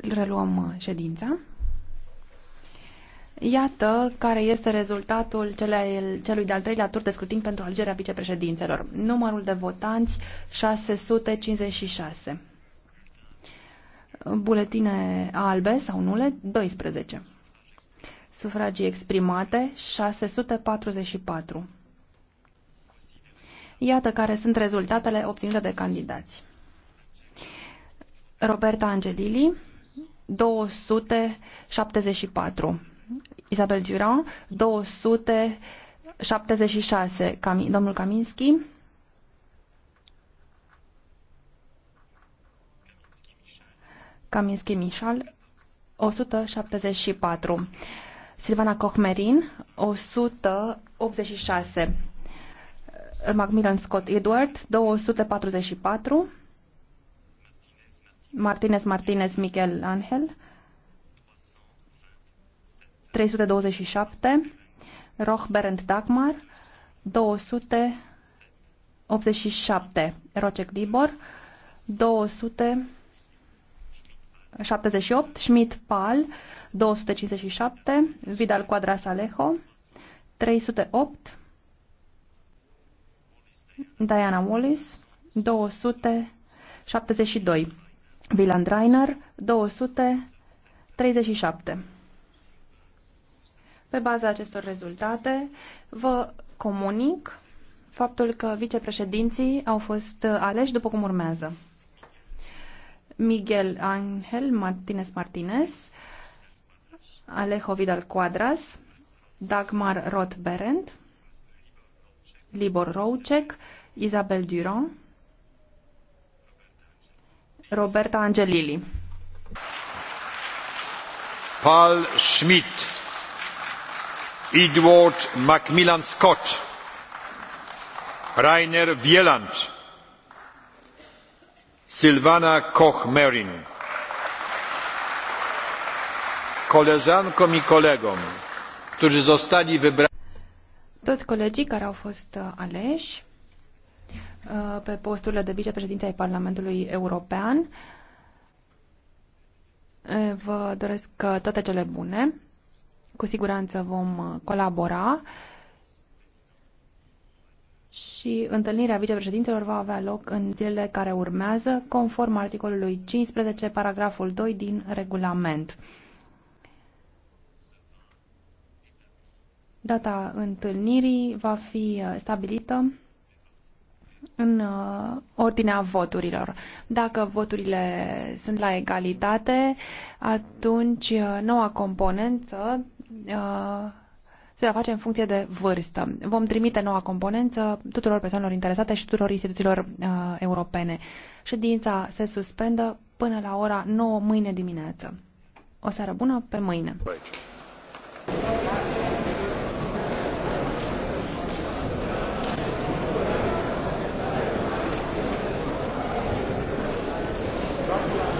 Reluăm ședința. Iată care este rezultatul celui de-al treilea tur de scrutin pentru algerea vicepreședințelor. Numărul de votanți 656. Buletine albe sau nule 12. Sufragii exprimate 644. Iată care sunt rezultatele obținute de candidați. Roberta Angelili 274. Isabel Durand, 276. Cam, domnul Kaminski. Kaminski Mișal, 174. Silvana Cochmerin, 186. Macmillan Scott Edward, 244. Martinez Martinez Miguel Angel 327 Roch Berend Dagmar 287 Rocek Dibor 278 Schmidt Pal 257 Vidal Quadras Alejo 308 Diana Wallis 272 Wieland Reiner 237. Pe baza acestor rezultate, vă comunic faptul că vicepreședinții au fost aleși după cum urmează. Miguel Angel Martinez Martinez, Alejo Vidal Cuadras, Dagmar Roth Berend, Libor Roucek, Isabel Durand, Roberta Angelilli. Paul Schmidt. Edward Macmillan Scott. Rainer Wieland. Silvana Koch-Merin. Koleżankom i kolegom, którzy zostali wybrani. Toți colegii care au fost aleși Uh, pe posturile de vicepreședinte ai Parlamentului European. Uh, vă doresc uh, toate cele bune. Cu siguranță vom colabora și întâlnirea vicepreședintelor va avea loc în zilele care urmează, conform articolului 15, paragraful 2 din regulament. Data întâlnirii va fi stabilită în uh, ordinea voturilor. Dacă voturile sunt la egalitate, atunci uh, noua componență uh, se va face în funcție de vârstă. Vom trimite noua componență tuturor persoanelor interesate și tuturor instituțiilor europene. Ședința se suspendă până la ora 9 mâine dimineață. O seară bună pe mâine! Bye. Gracias.